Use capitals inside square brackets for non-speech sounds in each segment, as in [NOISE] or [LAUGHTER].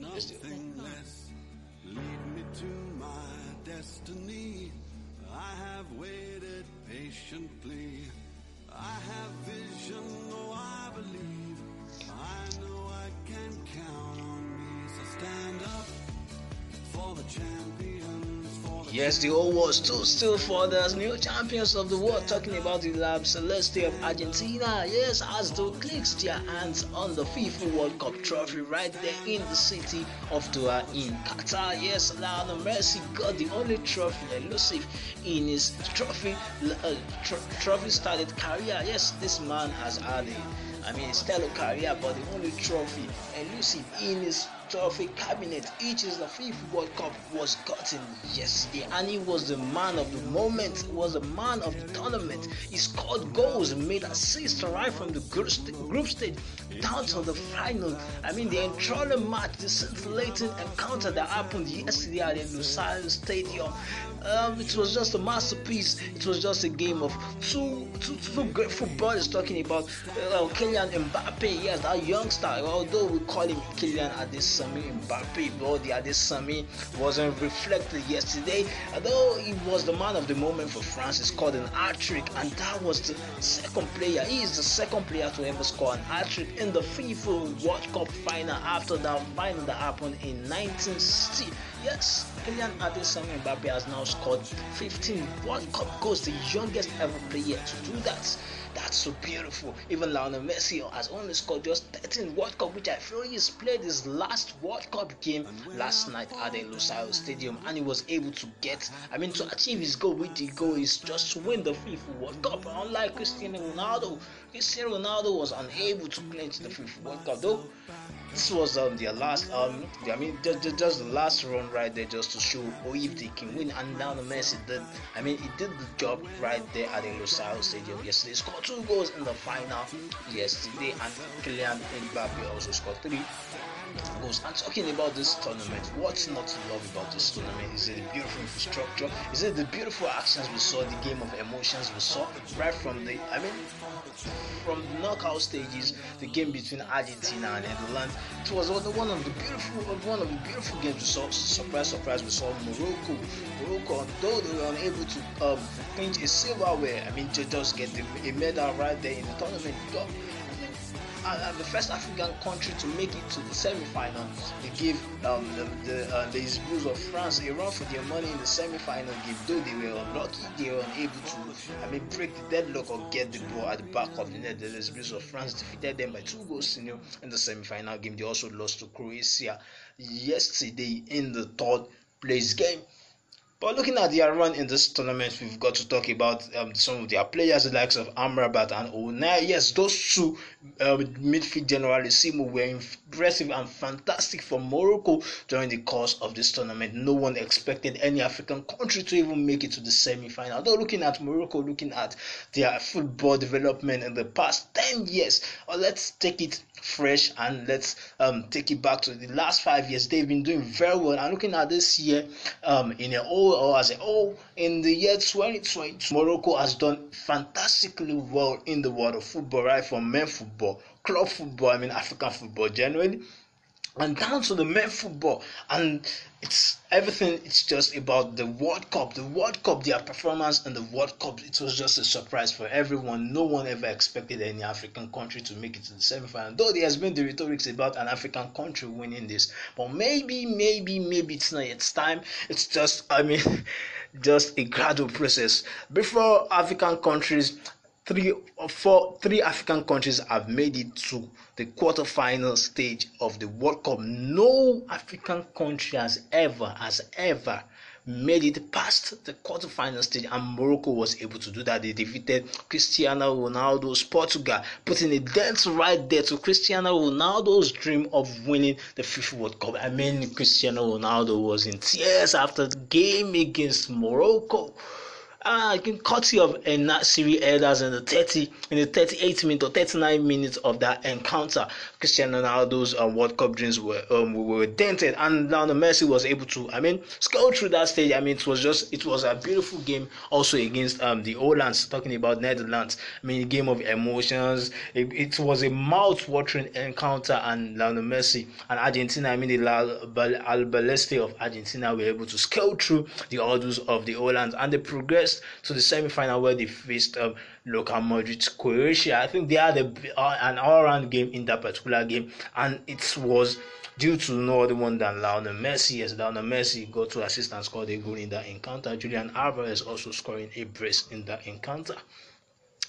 nothing less. Lead me to my destiny. I have waited patiently. I have vision, oh I believe. I know I can count on me, so stand up. Yes, the old was still still for those new champions of the world. Talking about the lab Celeste of Argentina. Yes, as they clicks their hands on the FIFA World Cup trophy right there in the city of Doha in Qatar. Yes, Lionel Messi got the only trophy elusive in his trophy uh, tr trophy started career. Yes, this man has had a, I mean, stellar career, but the only trophy elusive in his of a cabinet, is the fifth World Cup, was gotten yesterday. And he was the man of the moment, he was the man of the tournament. He scored goals, made assists right from the group, st- group stage down to the final. I mean, the enthralling match, the scintillating encounter that happened yesterday at the Lusail Stadium. Um, it was just a masterpiece. It was just a game of two, two, two great footballers talking about uh, Kylian Mbappe. Yes, that youngster, although we call him Kylian at this Sami Mbappe, bro. The wasn't reflected yesterday, although he was the man of the moment for France. He scored an hat trick, and that was the second player. He is the second player to ever score an hat trick in the FIFA World Cup final after that final that happened in 1960. Yes, Kylian Adesanya Mbappe has now scored 15 World Cup goals, the youngest ever player to do that. That's so beautiful. Even Lionel Messi has only scored just 13 World Cup, which I feel he's played his last World Cup game last night at the Lusail Stadium and he was able to get, I mean, to achieve his goal with the goal is just to win the FIFA World Cup. Unlike Cristiano Ronaldo, Cristiano Ronaldo was unable to clinch the FIFA World Cup though. This was um, their last, um, I mean, just, just the last run right there just to show oh, if they can win. And now the Messi did, I mean, he did the job right there at the Lusail Stadium yesterday. He scored two goals in the final yesterday and Kylian Mbappe also scored three goals. And talking about this tournament, what's not to love about this tournament? Is it the beautiful infrastructure? Is it the beautiful actions we saw, the game of emotions we saw right from the, I mean, from the knockout stages, the game between Argentina and Netherlands. It was one of the beautiful, one of the beautiful games we saw. Surprise, surprise, we saw Morocco. Morocco, though they were unable to um, pinch a silverware, I mean, to just get the, a medal right there in the tournament. But, uh, the first African country to make it to the semi-final. They gave um, the the, uh, the Isbus of France a run for their money in the semi-final game. Though they were unlucky, they were unable to, I mean, break the deadlock or get the ball at the back of the net. The Isbus of France defeated them by two goals to nil in the semi-final game. They also lost to Croatia yesterday in the third place game. But looking at their run in this tournament, we've got to talk about um, some of their players, the likes of Amrabat and Onai. Yes, those two um, midfield generalissimo were impressive and fantastic for Morocco during the course of this tournament. No one expected any African country to even make it to the semi final. Though looking at Morocco, looking at their football development in the past 10 years, well, uh, let's take it fresh and let's um, take it back to the last five years. They've been doing very well. And looking at this year um, in an old Morocco, or I say, oh, in the year 2020, Morocco has done fantastically well in the world of football, right? From men football, club football, I mean African football generally, and down to the men football and it's everything it's just about the world cup the world cup their performance and the world cup it was just a surprise for everyone no one ever expected any african country to make it to the semi-final though there has been the rhetorics about an african country winning this but maybe maybe maybe it's not yet time it's just i mean [LAUGHS] just a gradual process before african countries three or four three african countries have made it to the quarterfinal stage of the world cup no african country has ever has ever made it past the quarterfinal stage and morocco was able to do that they defeated cristiano ronaldo's portugal putting a dent right there to cristiano ronaldo's dream of winning the fifa world cup i mean cristiano ronaldo was in tears after the game against morocco uh, courtesy of Nasiri elders in the 30 in the 38 minutes or 39 minutes of that encounter. Cristiano Ronaldo's uh, World Cup dreams were um, were dented, and Lionel Messi was able to, I mean, scale through that stage. I mean, it was just it was a beautiful game also against um, the Hollands. Talking about Netherlands, I mean, game of emotions. It, it was a mouth-watering encounter, and Lionel Messi and Argentina. I mean, the Albaleste of Argentina were able to scale through the orders of the Hollands, and the progress to the semi-final where they faced um, local Madrid Croatia. I think they had a, uh, an all-round game in that particular game, and it was due to no other one than Lionel Messi. Yes, Lionel Messi got to assist and scored a goal in that encounter. Julian Alvarez also scoring a brace in that encounter.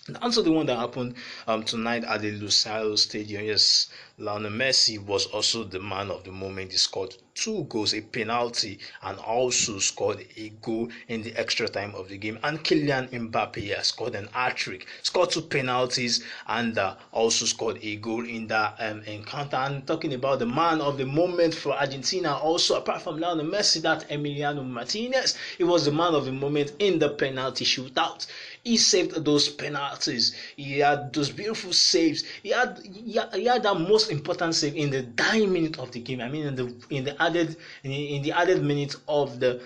And also the one that happened um, tonight at the Lusail Stadium. Yes, Lionel Messi was also the man of the moment. He scored two goals, a penalty, and also scored a goal in the extra time of the game. And Kylian Mbappe yeah, scored an hat trick, scored two penalties, and uh, also scored a goal in that um, encounter. And talking about the man of the moment for Argentina, also apart from Lionel Messi, that Emiliano Martinez, he was the man of the moment in the penalty shootout. He saved those penalties. He had those beautiful saves. He had he had, he had that most important save in the dying minute of the game. I mean, in the in the added in, in the added minute of the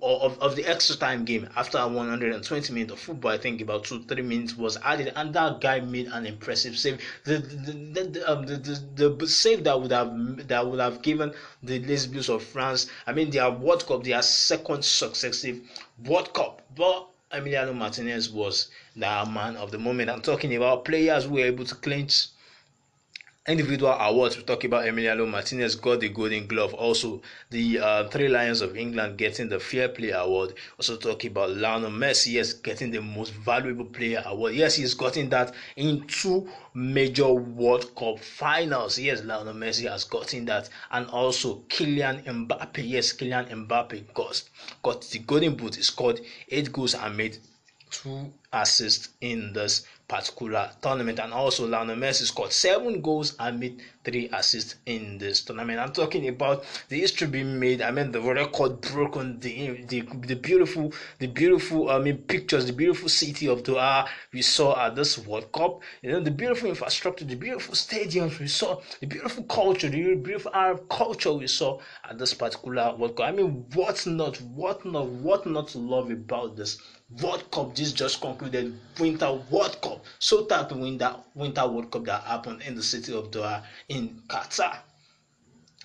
of, of the extra time game after 120 minutes of football. I think about two three minutes was added, and that guy made an impressive save. The the the, the, um, the, the, the save that would have that would have given the Les Bleus of France. I mean, their World Cup, their second successive World Cup, but Emiliano Martinez was the man of the moment. I'm talking about players who were able to clinch individual awards, we talk about Emiliano Martinez got the Golden Glove. Also, the uh, Three Lions of England getting the Fair Play Award. Also, talk about Lionel Messi, yes, getting the Most Valuable Player Award. Yes, he's gotten that in two major World Cup finals. Yes, Lionel Messi has gotten that, and also Kylian Mbappe. Yes, Kylian Mbappe got got the Golden Boot. He scored eight goals and made two assists in this particular tournament and also Lionel Messi scored seven goals amid three assists in this tournament. I'm talking about the history being made. I mean the record broken, the the, the beautiful, the beautiful. I mean pictures, the beautiful city of Doha we saw at this World Cup. You know the beautiful infrastructure, the beautiful stadiums we saw, the beautiful culture, the beautiful Arab culture we saw at this particular World Cup. I mean what not, what not, what not to love about this World Cup this just concluded Winter World Cup. So that winter Winter World Cup that happened in the city of Doha in Qatar.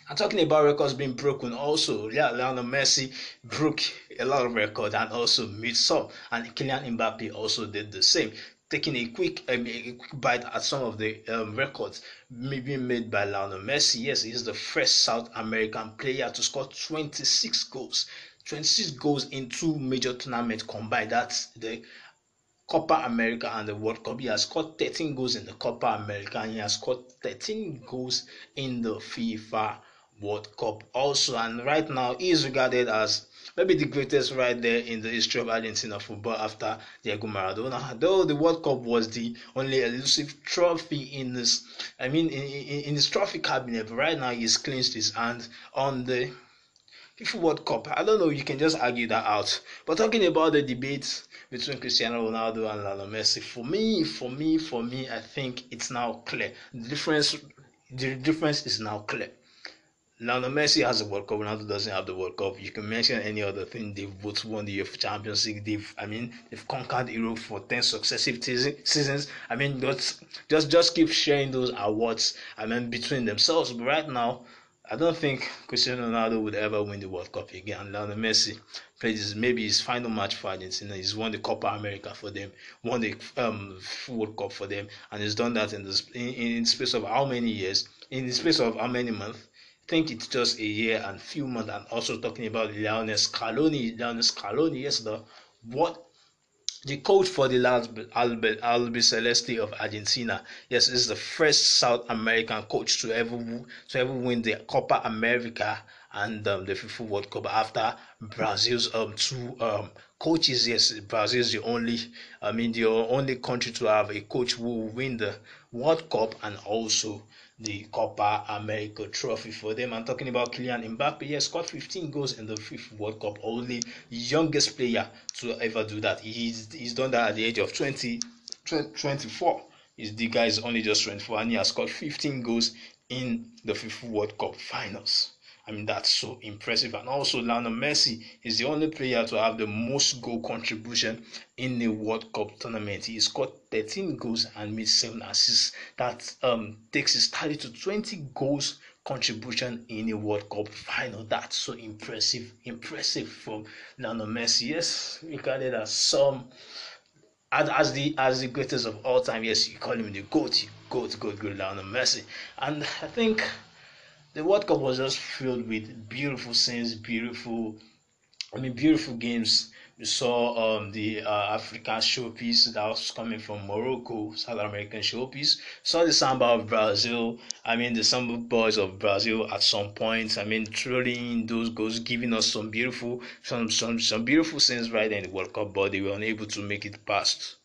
I'm talking about records being broken also. Yeah, Lionel Messi broke a lot of records and also Mitsou And Kylian Mbappe also did the same, taking a quick, um, a quick bite at some of the um, records maybe made by Lionel Messi. Yes, he's the first South American player to score 26 goals. 26 goals in two major tournaments combined. That's the Copa America and the World Cup. He has scored 13 goals in the Copa America and he has scored 13 goals in the FIFA World Cup also. And right now, he is regarded as maybe the greatest right there in the history of Argentina football after Diego Maradona. Though the World Cup was the only elusive trophy in this, I mean, in, in, in his trophy cabinet, but right now he's clinched his hand on the FIFA World Cup. I don't know, you can just argue that out. But talking about the debates between Cristiano Ronaldo and Lionel Messi. For me, for me, for me, I think it's now clear. The difference, the difference is now clear. Lionel Messi has the World Cup. Ronaldo doesn't have the World Cup. You can mention any other thing. They've both won the UEFA Champions League. They've, I mean, they've conquered Europe for ten successive seasons. I mean, just, just, just keep sharing those awards. I mean, between themselves. But right now, I don't think Cristiano Ronaldo would ever win the World Cup again. Lionel Messi played his, maybe his final match for Argentina. He's won the Copa America for them, won the um, World Cup for them, and he's done that in the in, in space of how many years? In the space of how many months? I think it's just a year and few months. And also talking about Lionel Scaloni, Lionel Scaloni, yes, the what the coach for the Albi, Albi Celeste of Argentina. Yes, is the first South American coach to ever to ever win the Copa America and um, the FIFA World Cup after Brazil's um, two um, coaches. Yes, Brazil is the only, I mean, the only country to have a coach who will win the World Cup and also the Copa America trophy for them. I'm talking about Kylian Mbappe. Yes, scored 15 goals in the fifth World Cup, only youngest player to ever do that. He's, he's done that at the age of 20, 24. the guy is only just 24 and he has scored 15 goals in the FIFA World Cup finals. I mean, that's so impressive. And also, Lionel Messi is the only player to have the most goal contribution in the World Cup tournament. He scored 13 goals and made 7 assists. That um, takes his tally to 20 goals contribution in a World Cup final. That's so impressive, impressive from Lionel Messi. Yes, regarded as some as, as the as the greatest of all time. Yes, you call him the goat, goat, goat, goat, Lionel Messi. And I think the World Cup was just filled with beautiful scenes, beautiful, I mean, beautiful games. We saw um, the uh, African showpiece that was coming from Morocco, South American showpiece. Saw the samba of Brazil. I mean, the samba boys of Brazil at some point. I mean, trolling those goals, giving us some beautiful, some some some beautiful scenes right in the World Cup, but they were unable to make it past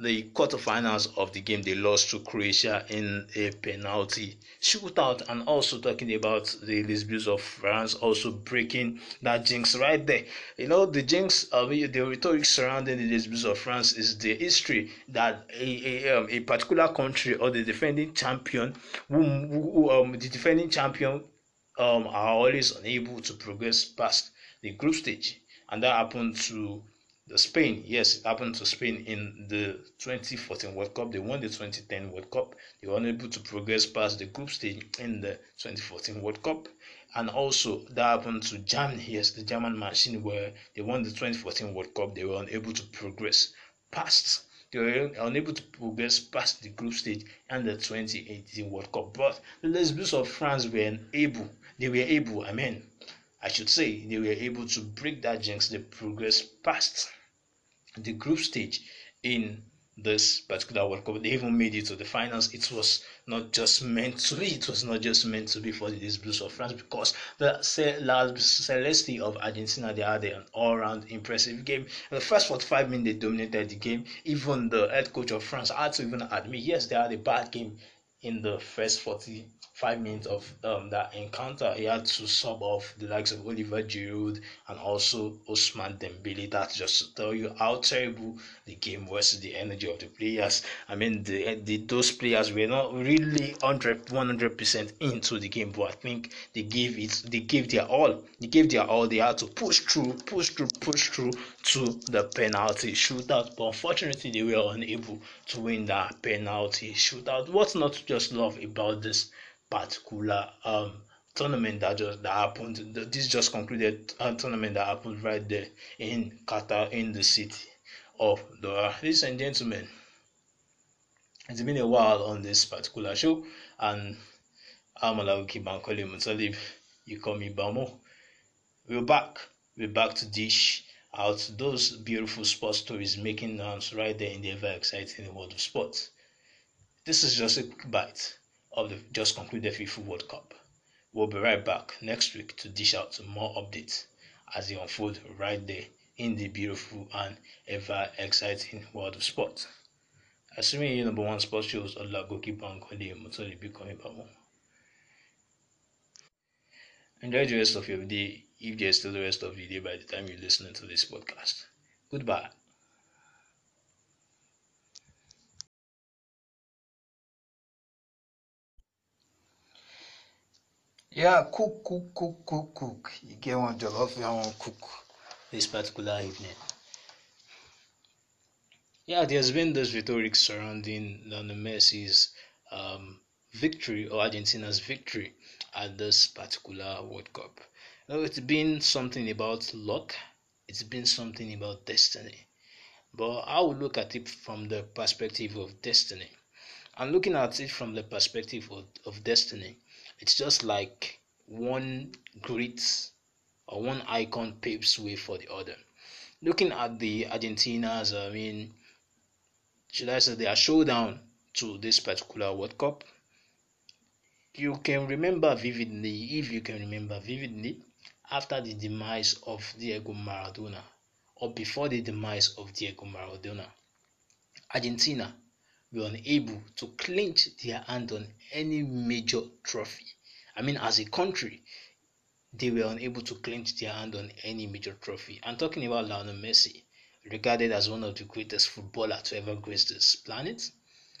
the quarterfinals of the game they lost to Croatia in a penalty shootout and also talking about the disputes of France also breaking that jinx right there. You know the jinx of uh, the rhetoric surrounding the disputes of France is the history that a, a, um, a particular country or the defending champion who, who um, the defending champion um, are always unable to progress past the group stage and that happened to the Spain, yes, it happened to Spain in the 2014 World Cup. They won the 2010 World Cup. They were unable to progress past the group stage in the 2014 World Cup. And also, that happened to Germany, yes, the German machine, where they won the 2014 World Cup. They were unable to progress past. They were unable to progress past the group stage and the 2018 World Cup. But the Lesbians of France were able. They were able, I mean, I should say, they were able to break that jinx. They progressed past the group stage in this particular World Cup. They even made it to the finals. It was not just meant to be. It was not just meant to be for these Blues of France because the Celeste of Argentina they had an all-round impressive game. In the first 45 minutes they dominated the game. Even the head coach of France had to even admit, yes, they had a bad game in the first 40 five minutes of um, that encounter, he had to sub off the likes of Oliver Giroud and also Osman Dembele. That just to tell you how terrible the game was, the energy of the players. I mean, the, the those players were not really 100 100% into the game, but I think they gave it, they gave their all. They gave their all. They had to push through, push through, push through to the penalty shootout. But unfortunately, they were unable to win that penalty shootout. What's not to just love about this particular um, tournament that just that happened. This just concluded a tournament that happened right there in Qatar, in the city of Doha. Ladies and gentlemen, it's been a while on this particular show, and I'm Alawiki Bankole Mutalib. You call me Bamo. We're back. We're back to dish out those beautiful sports stories making rounds right there in the ever exciting world of sports. This is just a quick bite of the just concluded FIFA World Cup. We'll be right back next week to dish out more updates as they unfold right there in the beautiful and ever exciting world of sport. Assuming your number one sports shows Olagoki Bankole Motoli Enjoy the rest of your day if there's still the rest of the day by the time you're listening to this podcast. Goodbye. Yeah, cook, cook, cook, cook, cook. You get one jollof, you want cook this particular evening. Yeah, there's been this rhetoric surrounding Lionel Messi's um, victory or Argentina's victory at this particular World Cup. it's been something about luck, it's been something about destiny. But I will look at it from the perspective of destiny. And looking at it from the perspective of, of destiny, it's just like one great or one icon paves way for the other. Looking at the Argentinas, I mean, should I say their showdown to this particular World Cup? You can remember vividly, if you can remember vividly, after the demise of Diego Maradona or before the demise of Diego Maradona, Argentina were unable to clinch their hand on any major trophy. I mean, as a country, they were unable to clinch their hand on any major trophy. I'm talking about Lionel Messi, regarded as one of the greatest footballer to ever grace this planet.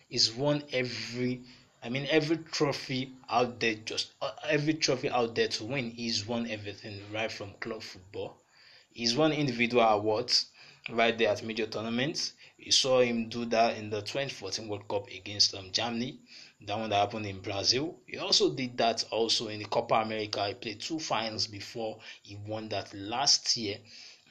He's won every, I mean, every trophy out there, just uh, every trophy out there to win. He's won everything right from club football. He's won individual awards right there at major tournaments. we saw him do that in the 2014 World Cup against um, Germany, that one that happened in Brazil. He also did that also in the Copa America. He played two finals before he won that last year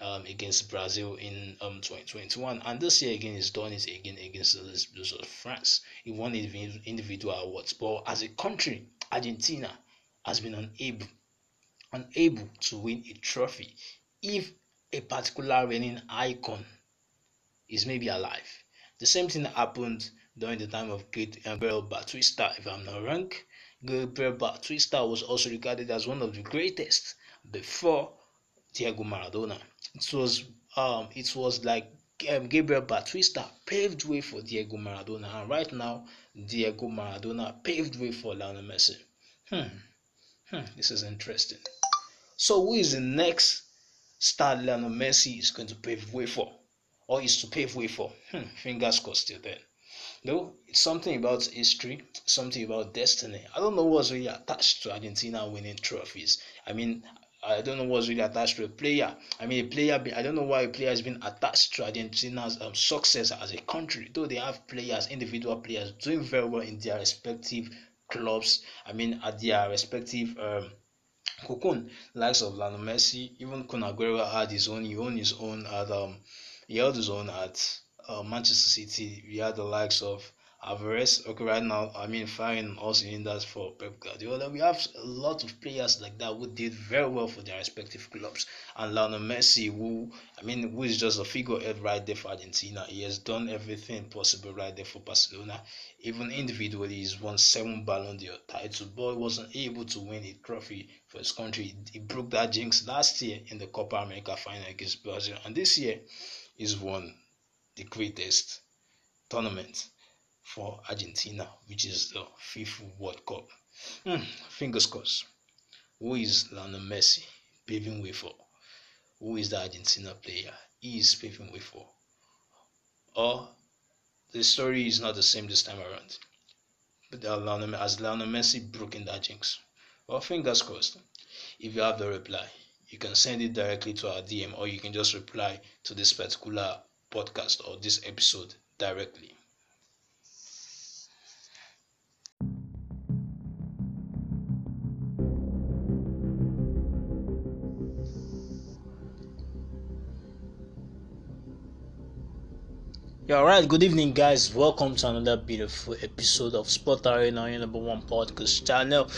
um, against Brazil in um, 2021. And this year again, he's done it again against the of France. He won individual awards, but as a country, Argentina has been unable unable to win a trophy if a particular reigning icon is maybe alive. The same thing happened during the time of great Gabriel Batista, if I'm not wrong. Gabriel Batista was also regarded as one of the greatest before Diego Maradona. It was um, it was like um, Gabriel Batista paved way for Diego Maradona, and right now Diego Maradona paved way for Lionel Messi. Hmm, hmm, this is interesting. So who is the next Start Lionel Messi is going to pave way for, or is to pave way for. Hmm, fingers crossed till then. No, it's something about history, something about destiny. I don't know what's really attached to Argentina winning trophies. I mean, I don't know what's really attached to a player. I mean, a player. I don't know why a player has been attached to Argentina's um, success as a country, though they have players, individual players, doing very well in their respective clubs. I mean, at their respective um, Cocoon, likes of Lionel Messi, even Kun Aguero had his own. He owned his own at um, he held his own at uh, Manchester City. We had the likes of Alvarez, okay, right now, I mean, firing all cylinders for Pep Guardiola. We have a lot of players like that who did very well for their respective clubs. And Lionel Messi, who, I mean, who is just a figurehead right there for Argentina. He has done everything possible right there for Barcelona. Even individually, he's won seven Ballon d'Or titles, but wasn't able to win a trophy for his country. He broke that jinx last year in the Copa America final against Brazil. And this year, he's won the greatest tournament for Argentina, which is the FIFA World Cup. Mm, fingers crossed. Who is Lionel Messi paving way for? Who is the Argentina player? He is paving way for. Or the story is not the same this time around. But Lionel, has Lionel Messi broken that jinx? Well, fingers crossed. If you have the reply, you can send it directly to our DM or you can just reply to this particular podcast or this episode directly. alright, good evening, guys. Welcome to another beautiful episode of Sport Arena, your number one podcast channel.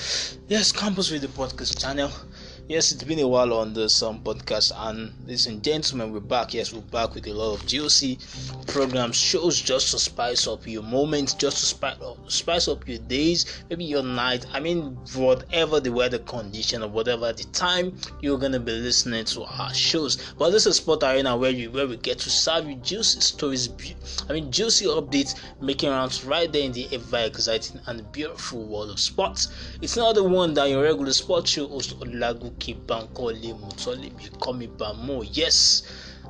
Yes, Campus with the podcast channel. Yes, it's been a while on this um, podcast, and ladies and gentlemen, we're back. Yes, we're back with a lot of GOC programs, shows just to spice up your moments, just to spice up, uh, spice up your days, maybe your night. I mean, whatever the weather condition or whatever the time you're gonna be listening to our shows. But this is Sport Arena where you where we get to serve you juicy stories, I mean juicy updates making rounds right there in the ever exciting and beautiful world of sports. It's not the one that your regular sports show host Olagu Yes,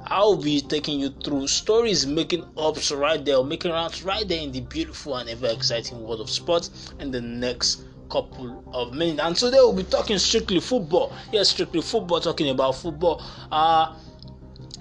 I'll be taking you through stories, making ups right there, or making rounds right there in the beautiful and ever exciting world of sports in the next couple of minutes. And today we'll be talking strictly football. Yes, strictly football, talking about football. Uh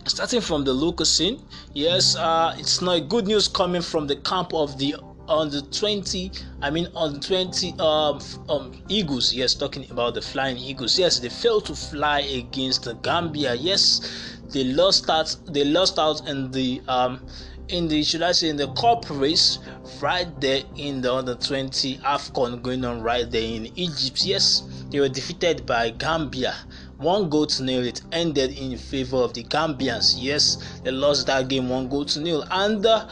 starting from the local scene. Yes, uh, it's not good news coming from the camp of the on the 20 i mean on 20 um, um eagles yes talking about the flying eagles yes they failed to fly against the gambia yes they lost out they lost out in the um in the should i say in the cup race right there in the under 20 afcon going on right there in egypt yes they were defeated by gambia one goal to nil it ended in favor of the gambians yes they lost that game one goal to nil and uh,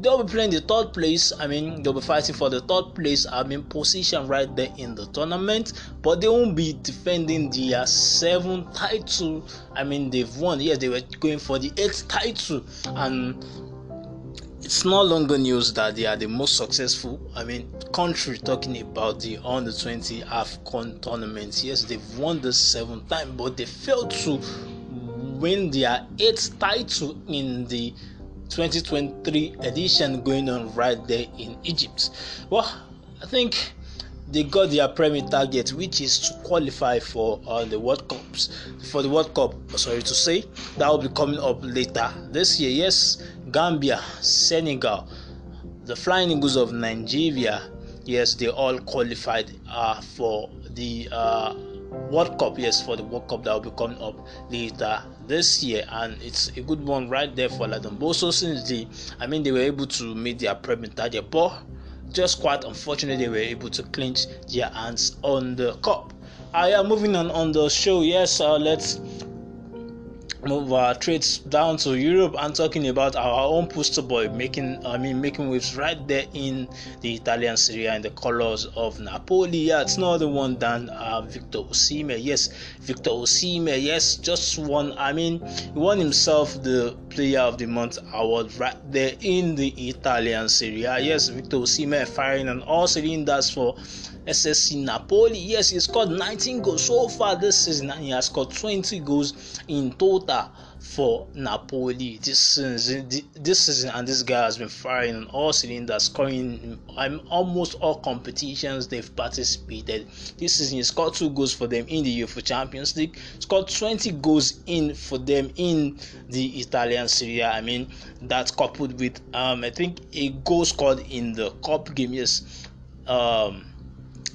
they'll be playing the third place. I mean, they'll be fighting for the third place. I mean, position right there in the tournament, but they won't be defending their seventh title. I mean, they've won. Yes, they were going for the eighth title, and it's no longer news that they are the most successful. I mean, country talking about the under 20 AFCON tournament. Yes, they've won the seventh time, but they failed to win their eighth title in the 2023 edition going on right there in Egypt. Well, I think they got their primary target, which is to qualify for uh, the World Cups, for the World Cup. Sorry to say, that will be coming up later this year. Yes, Gambia, Senegal, the Flying Eagles of Nigeria. Yes, they all qualified uh, for the uh, World Cup. Yes, for the World Cup that will be coming up later this year, and it's a good one right there for Ladon Boso since they, I mean, they were able to meet their premier target, but just quite unfortunately, they were able to clinch their hands on the cup. I am moving on on the show. Yes, uh, let's move our trades down to Europe and talking about our own poster boy making I mean making waves right there in the Italian Serie in the colors of Napoli. Yeah, it's no other one than uh, Victor Osime. Yes, Victor Osime. Yes, just won. I mean, he won himself the Player of the Month award right there in the Italian Serie. Yes, Victor Osime firing on all cylinders for SSC Napoli. Yes, he scored 19 goals so far this season and he has scored 20 goals in total star for Napoli this season. This season and this guy has been firing on all cylinders, scoring in um, almost all competitions they've participated. This season he scored two goals for them in the UEFA Champions League, scored 20 goals in for them in the Italian Serie. I mean, that's coupled with um, I think a goal scored in the cup game. Yes, um,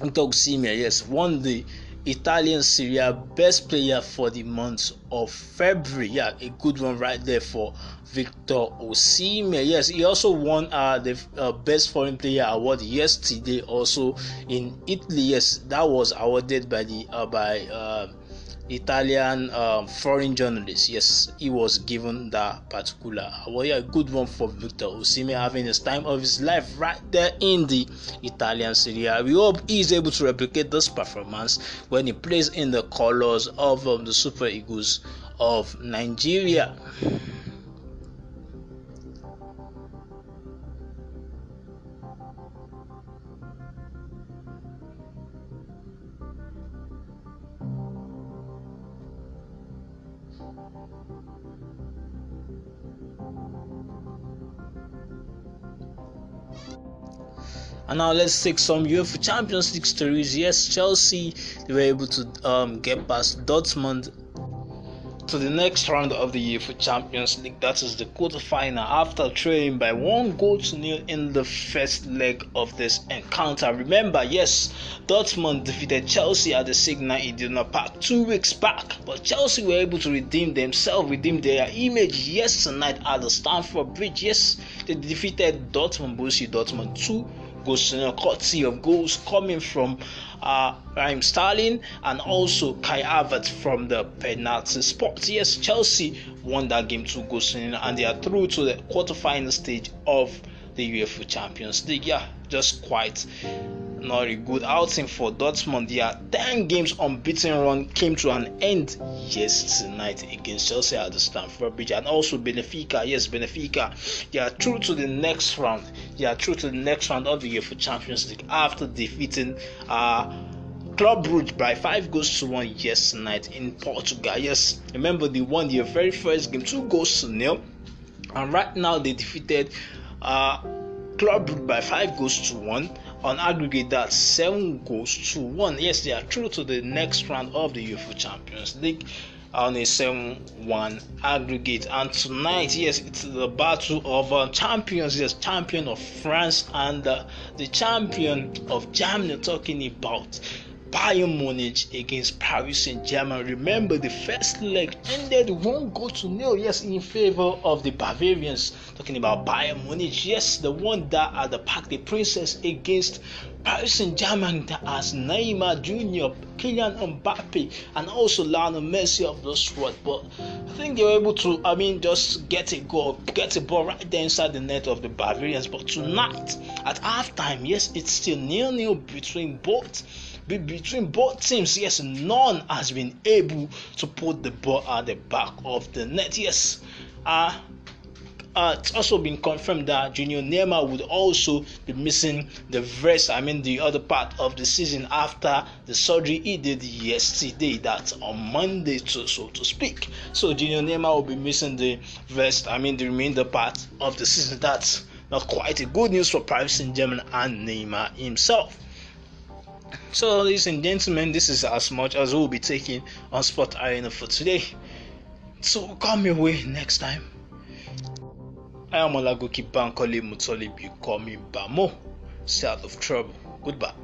Victor yes won the Italian Serie best player for the month of February. Yeah, a good one right there for Victor Osimhen. Yes, he also won uh, the uh, best foreign player award yesterday, also in Italy. Yes, that was awarded by the uh, by. Uh, Italian um, foreign journalist. Yes, he was given that particular award. Yeah, good one for Victor Osimi, having his time of his life right there in the Italian Serie We hope he is able to replicate this performance when he plays in the colors of um, the Super Eagles of Nigeria. And now let's take some UEFA Champions League stories. Yes, Chelsea they were able to um, get past Dortmund to the next round of the UEFA Champions League, that is the quarterfinal, after trailing by one goal to nil in the first leg of this encounter. Remember, yes, Dortmund defeated Chelsea at the Signal Iduna Park two weeks back, but Chelsea were able to redeem themselves, redeem their image yes tonight at the Stamford Bridge. Yes, they defeated Dortmund, Borussia Dortmund 2 goals, you know, courtesy of goals coming from uh, Raheem Sterling and also Kai Havertz from the penalty spot. Yes, Chelsea won that game two goals in, and they are through to the quarterfinal stage of the UEFA Champions League. Yeah, just quite not a good outing for Dortmund. Their 10 games unbeaten run came to an end yesterday against Chelsea at the Stamford Bridge and also Benfica. Yes, Benfica. They are through to the next round they are through to the next round of the UEFA Champions League after defeating uh, Club Brugge by five goals to one yesterday night in Portugal. Yes, remember they won their very first game, two goals to nil, and right now they defeated uh, Club Brugge by five goals to one on aggregate that's seven goals to one. Yes, they are through to the next round of the UEFA Champions League on a 7 1 aggregate. And tonight, yes, it's the battle of uh, champions, yes, champion of France and uh, the champion of Germany talking about. Bayern Munich against Paris Saint Germain. Remember, the first leg ended 1 goal to nil, yes, in favor of the Bavarians. Talking about Bayern Munich, yes, the one that at the Park the Princess against Paris Saint Germain that has Neymar Jr., Kylian Mbappe, and also Lionel Messi of the world. But I think they were able to, I mean, just get a goal, get a ball right there inside the net of the Bavarians. But tonight, at halftime, yes, it's still nil nil between both be between both teams. Yes, none has been able to put the ball at the back of the net. Yes, uh, uh, it's also been confirmed that Junior Neymar would also be missing the rest, I mean, the other part of the season after the surgery he did yesterday, that's on Monday, to, so to speak. So, Junior Neymar will be missing the rest, I mean, the remainder part of the season. That's not quite a good news for Paris Saint Germain and Neymar himself. So, ladies and gentlemen, this is as much as we'll be taking on Spot Arena for today. So, come your way next time. I am Olagoki Bankole Mutolibi, call me Bamo. Stay out of trouble. Goodbye.